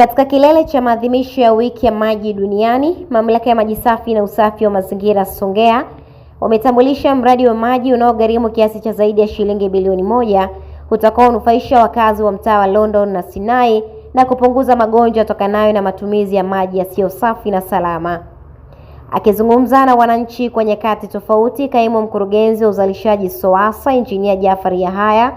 Katika kilele cha maadhimisho ya wiki ya maji duniani, mamlaka ya maji safi na usafi wa mazingira Songea wametambulisha mradi wa maji unaogharimu kiasi cha zaidi ya shilingi bilioni moja utakaonufaisha wakazi wa mtaa wa London na Sinai na kupunguza magonjwa yatokanayo na matumizi ya maji yasiyo safi na salama. Akizungumza na wananchi kwa nyakati tofauti, kaimu mkurugenzi wa uzalishaji SOASA Injinia Jafari Yahaya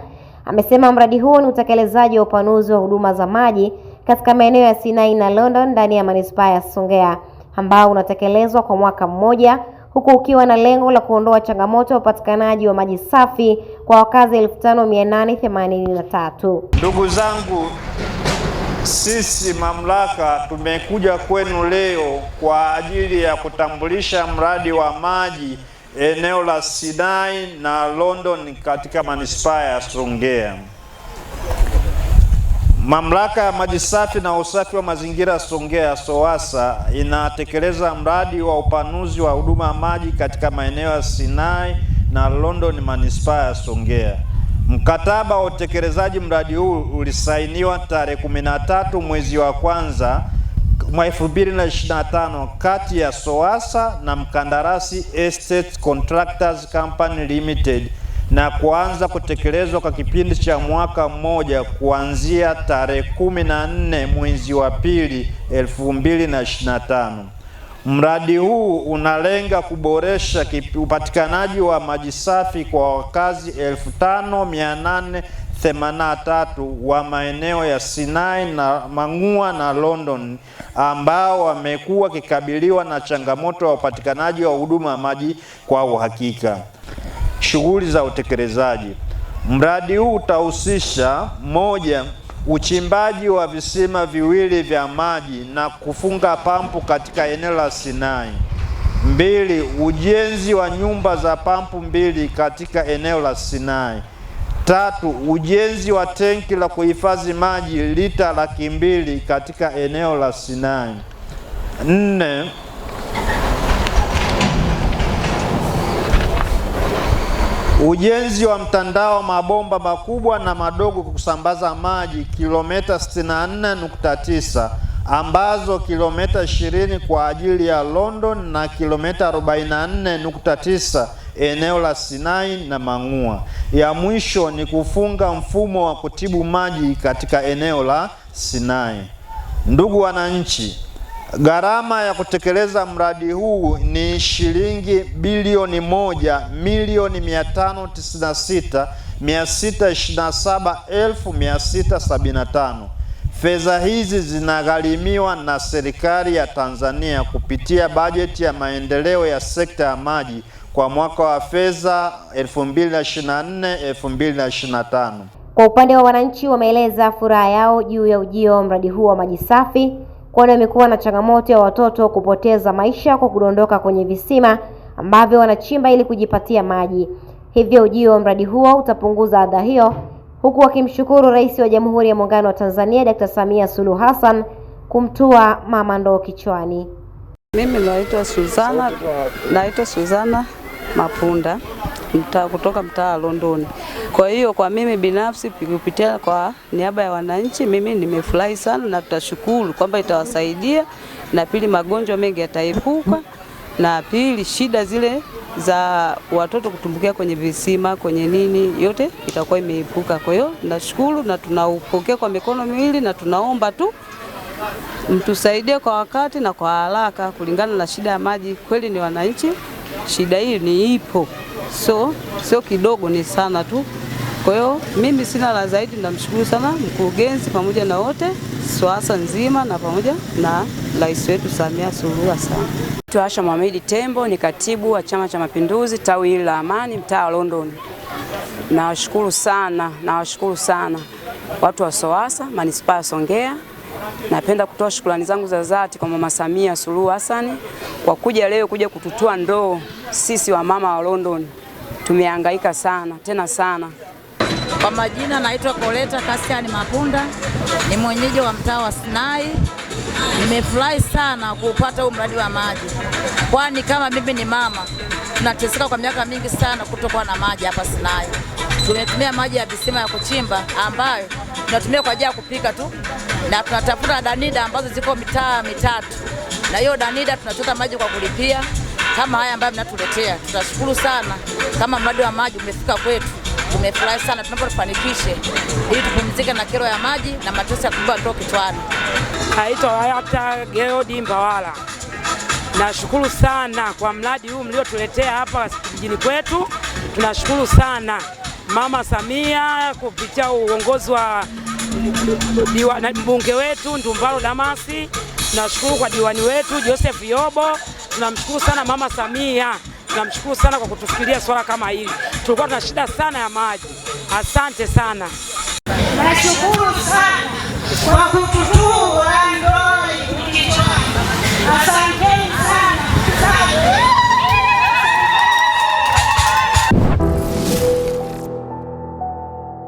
amesema mradi huo ni utekelezaji wa upanuzi wa huduma za maji katika maeneo ya Sinai na London ndani ya manispaa ya Songea ambao unatekelezwa kwa mwaka mmoja huku ukiwa na lengo la kuondoa changamoto ya upatikanaji wa maji safi kwa wakazi 5883. Ndugu zangu, sisi mamlaka tumekuja kwenu leo kwa ajili ya kutambulisha mradi wa maji eneo la Sinai na London katika manispaa ya Songea. Mamlaka ya maji safi na usafi wa mazingira Songea SOASA inatekeleza mradi wa upanuzi wa huduma ya maji katika maeneo ya Sinai na London manispaa ya Songea. Mkataba wa utekelezaji mradi huu ulisainiwa tarehe 13 mwezi wa kwanza mwaka 2025 kati ya SOASA na mkandarasi Estate Contractors Company Limited na kuanza kutekelezwa kwa kipindi cha mwaka mmoja kuanzia tarehe kumi na nne mwezi wa pili elfu mbili na ishirini na tano. Mradi huu unalenga kuboresha upatikanaji wa maji safi kwa wakazi 5883 wa maeneo ya Sinai na Mang'ua na London ambao wamekuwa wakikabiliwa na changamoto ya upatikanaji wa huduma ya maji kwa uhakika shughuli za utekelezaji. Mradi huu utahusisha moja, uchimbaji wa visima viwili vya maji na kufunga pampu katika eneo la Sinai. Mbili, ujenzi wa nyumba za pampu mbili katika eneo la Sinai. Tatu, ujenzi wa tenki la kuhifadhi maji lita laki mbili katika eneo la Sinai. Nne, Ujenzi wa mtandao mabomba makubwa na madogo kusambaza maji kilomita 64.9 ambazo kilomita 20 kwa ajili ya London na kilomita 44.9 eneo la Sinai na Mang'ua. Ya mwisho ni kufunga mfumo wa kutibu maji katika eneo la Sinai. Ndugu wananchi, Gharama ya kutekeleza mradi huu ni shilingi bilioni moja milioni mia tano tisini na sita mia sita ishirini na saba elfu mia sita sabini na tano. Fedha hizi zinagharimiwa na serikali ya Tanzania kupitia bajeti ya maendeleo ya sekta ya maji kwa mwaka wa fedha 2024 2025. Kwa upande wa wananchi, wameeleza furaha yao juu ya ujio wa mradi huu wa maji safi kwani amekuwa na changamoto ya watoto kupoteza maisha kwa kudondoka kwenye visima ambavyo wanachimba ili kujipatia maji. Hivyo ujio wa mradi huo utapunguza adha hiyo, huku wakimshukuru Rais wa Jamhuri ya Muungano wa Tanzania Dr. Samia Suluhu Hassan kumtua mama ndoo kichwani. Mimi naitwa Suzana, naitwa Suzana Mapunda mta, kutoka mtaa wa Londoni. Kwa hiyo kwa mimi binafsi kupitia kwa niaba ya wananchi, mimi nimefurahi sana na tutashukuru kwamba itawasaidia, na pili magonjwa mengi yataepuka, na pili shida zile za watoto kutumbukia kwenye visima kwenye nini yote itakuwa imeepuka. Kwa hiyo nashukuru na tunaupokea kwa mikono miwili na tunaomba tu mtusaidie kwa wakati na kwa haraka kulingana na shida ya maji. Kweli ni wananchi, shida hii ni ipo so sio kidogo, ni sana tu. Kwa hiyo mimi sina la zaidi, namshukuru sana mkurugenzi pamoja na wote Swasa nzima na pamoja na rais wetu Samia Suluhu Hassan. Asha Mohamed Tembo ni katibu wa Chama cha Mapinduzi tawi hili la Amani mtaa wa London. Nawashukuru sana, nawashukuru sana watu wa soasa manispaa ya Songea. Napenda kutoa shukrani zangu za dhati kwa Mama Samia Suluhu Hassan kwa kuja leo kuja kututua ndoo sisi wa mama wa London tumehangaika sana tena sana. Kwa majina naitwa Koleta Kasiani Mapunda, ni mwenyeji wa mtaa wa Sinai. Nimefurahi sana kuupata huu mradi wa maji, kwani kama mimi ni mama, tunateseka kwa miaka mingi sana kutokuwa na maji hapa Sinai. Tumetumia maji ya visima ya kuchimba ambayo tunatumia kwa ajili ya kupika tu, na tunatafuta danida ambazo ziko mitaa mitatu, na hiyo danida tunachota maji kwa kulipia kama haya ambayo mnatuletea. tunashukuru sana kama mradi wa maji umefika kwetu, tumefurahi sana tunapofanikishe, ili tupumzike na kero ya maji na mateso yakubwa ndoo kichwani. Naitwa wayata gerodi Mbawala. Nashukuru sana kwa mradi huu mliotuletea hapa kijijini kwetu. Tunashukuru sana Mama Samia kupitia uongozi wa mbunge wetu Ndumbaro Damasi. Nashukuru kwa diwani wetu Joseph Yobo tunamshukuru sana Mama Samia, tunamshukuru sana kwa kutufikiria swala kama hili. Tulikuwa tuna shida sana ya maji. Asante sana, nashukuru sana kwa kututua